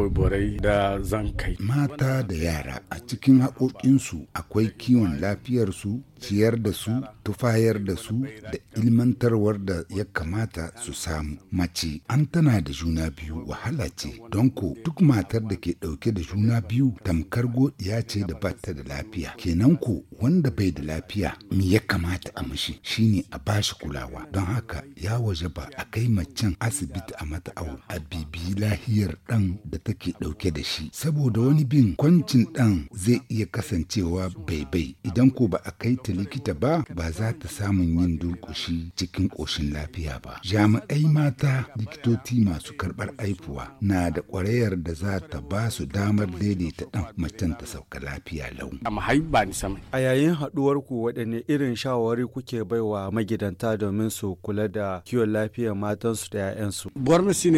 borai da zankai. Mata da yara a cikin haƙoƙinsu akwai kiwon lafiyarsu ciyar da su tufayar da su da ilmantarwar da ya kamata su samu mace an tana da juna biyu wahala ce don ko duk matar da ke ɗauke da juna biyu tamkar godiya ce da bata da lafiya kenan ko wanda bai da lafiya me ya kamata a mishi shine a bashi kulawa don haka ya waje ba a kai macen asibiti a mata awo a bibi lahiyar dan da take ɗauke da shi saboda wani bin kwancin dan zai iya kasancewa bai bai idan ko ba a kai ta ta likita ba ba za ta samun yin durƙushi cikin ƙoshin lafiya ba jami'ai mata likitoci masu karɓar aifuwa na da ƙwarayar da za ta ba su damar daidaita ɗan macen ta sauka lafiya lau a yayin haɗuwar ku waɗanne irin shawarwari kuke baiwa magidanta domin su kula da kiwon lafiyar matansu da 'ya'yansu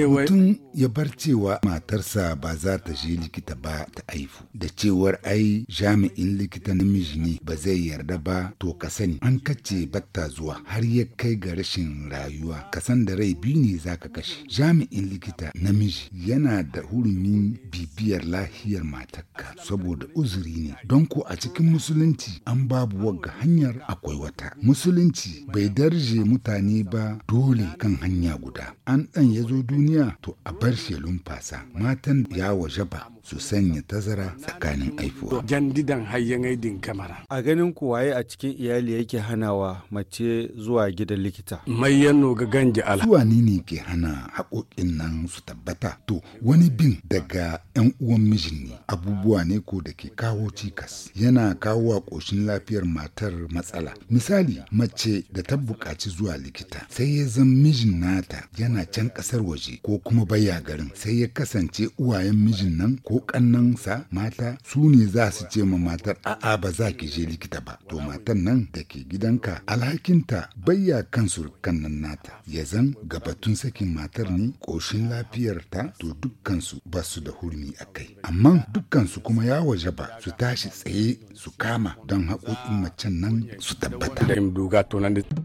mutum ya bar cewa matarsa ba za ta je likita ba ta aifu da cewar ai jami'in likita namiji ne ba zai yarda ba to ka sani an kace batta zuwa har ya kai ga rashin rayuwa kasan san da rai biyu ne zaka kashe jami'in likita namiji yana da hurumin bibiyar lahiyar matarka saboda uzuri ne don ko a cikin musulunci an babu wagga hanyar akwai wata musulunci bai darje mutane ba dole kan hanya guda an dan ya zo duniya to a bar shi lumfasa matan ya waje ba su sanya tazara tsakanin aifuwa jandidan hayyan aidin kamara a ganin kuwaye a cikin iyali yake hanawa mace zuwa gidan likita. Mai yano ga ganji ala. Zuwa ne ne ke hana haƙoƙin nan su tabbata? To wani bin daga 'yan uwan mijin ne abubuwa ne ko da ke kawo cikas yana kawo a ƙoshin lafiyar matar matsala. Misali mace da ta buƙaci zuwa likita sai ya zan mijin nata yana can ƙasar waje ko kuma baya garin sai ya kasance uwayen mijin nan ko ƙannansa mata su ne za su ce ma matar a'a ba za ki je likita ba. To matan nan da ke gidanka alhakinta bayya kan surukan nan nata ya zan gabatun sakin matar ne ƙoshin lafiyarta to dukkansu ba su da hurmi a kai amma dukkansu kuma ya waje ba su tashi tsaye su kama don haƙoƙin macen nan su tabbata.